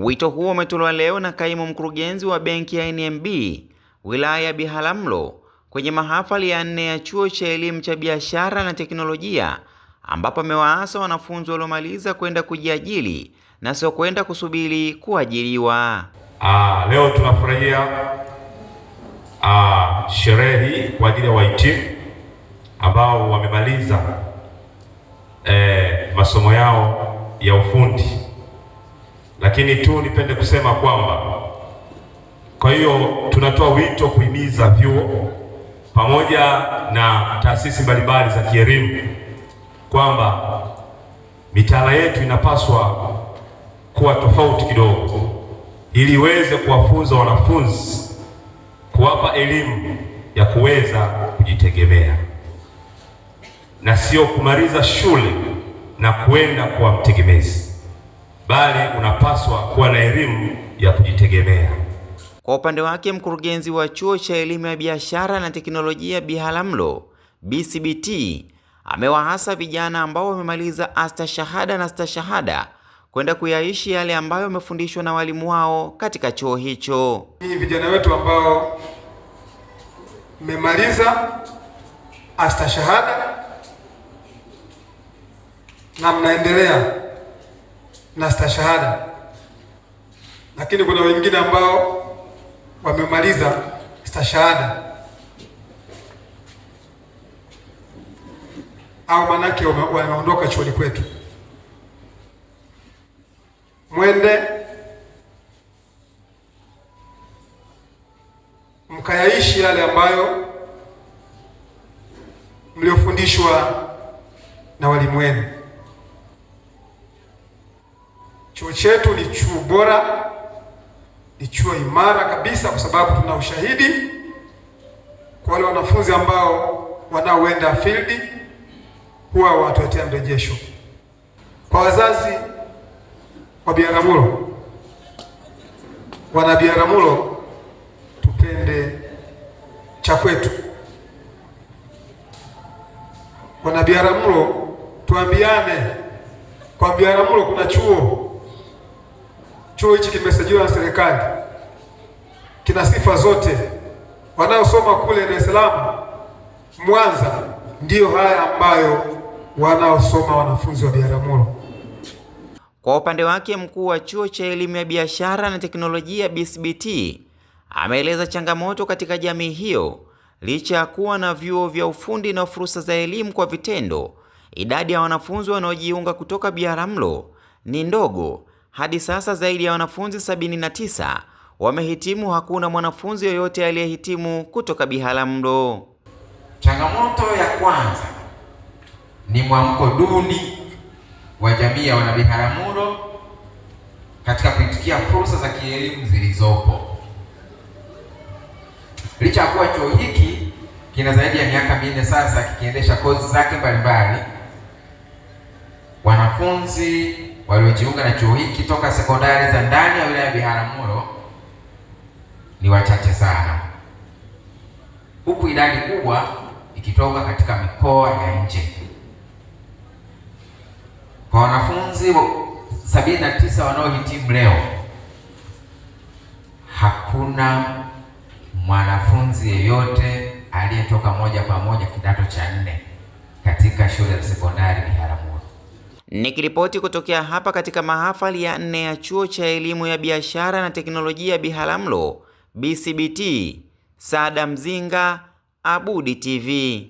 Wito huo umetolewa leo na kaimu mkurugenzi wa benki ya NMB wilaya ya Biharamulo kwenye mahafali ya nne ya chuo cha elimu cha biashara na teknolojia ambapo amewaasa wanafunzi waliomaliza kwenda kujiajiri na sio kwenda kusubiri kuajiriwa. Ah, leo tunafurahia ah, sherehe hii kwa ajili ya wahitimu ambao wamemaliza eh, masomo yao ya ufundi lakini tu nipende kusema kwamba kwa hiyo tunatoa wito kuhimiza vyuo pamoja na taasisi mbalimbali za kielimu kwamba mitaala yetu inapaswa kuwa tofauti kidogo, ili iweze kuwafunza wanafunzi, kuwapa elimu ya kuweza kujitegemea na sio kumaliza shule na kuenda kuwa mtegemezi bali unapaswa kuwa na elimu ya kujitegemea. Kwa upande wake, mkurugenzi wa chuo cha elimu ya biashara na teknolojia bihalamlo BCBT amewahasa vijana ambao wamemaliza astashahada na stashahada kwenda kuyaishi yale ambayo wamefundishwa na walimu wao katika chuo hicho. Hii vijana wetu ambao mmemaliza astashahada na mnaendelea na stashahada, lakini kuna wengine ambao wamemaliza stashahada au manake wameondoka chuoni kwetu. Mwende mkayaishi yale ambayo mliofundishwa na walimu wenu. Chuo chetu ni chuo bora, ni chuo imara kabisa, kwa sababu tuna ushahidi kwa wale wanafunzi ambao wanaoenda field huwa wanatuletea mrejesho. Kwa wazazi wa Biharamulo, wana Biharamulo, tupende cha kwetu. Wana Biharamulo, tuambiane kwa Biharamulo kuna chuo Chuo hichi kimesajiliwa na serikali, kina sifa zote. Wanaosoma kule Dar es Salaam, Mwanza, ndiyo haya ambayo wanaosoma wanafunzi wa Biharamulo. Kwa upande wake, mkuu wa chuo cha elimu ya biashara na teknolojia BCBT ameeleza changamoto katika jamii hiyo. Licha ya kuwa na vyuo vya ufundi na fursa za elimu kwa vitendo, idadi ya wanafunzi wanaojiunga kutoka Biharamulo ni ndogo hadi sasa zaidi ya wanafunzi 79 wamehitimu. Hakuna mwanafunzi yoyote aliyehitimu kutoka Biharamulo. Changamoto ya kwanza ni mwamko duni wa jamii ya wanabiharamulo katika kuitikia fursa za kielimu zilizopo. Licha ya kuwa chuo hiki kina zaidi ya miaka minne sasa kikiendesha kozi zake mbalimbali wanafunzi waliojiunga na chuo hiki toka sekondari za ndani ya wilaya ya Biharamulo ni wachache sana, huku idadi kubwa ikitoka katika mikoa ya nje. Kwa wanafunzi sabini na tisa wanaohitimu leo, hakuna mwanafunzi yeyote aliyetoka moja kwa moja kidato cha nne katika shule ya sekondari Biharamulo. Nikiripoti kutokea hapa katika mahafali ya nne ya chuo cha elimu ya biashara na teknolojia Biharamulo BCBT, Saada Mzinga, Abudi TV.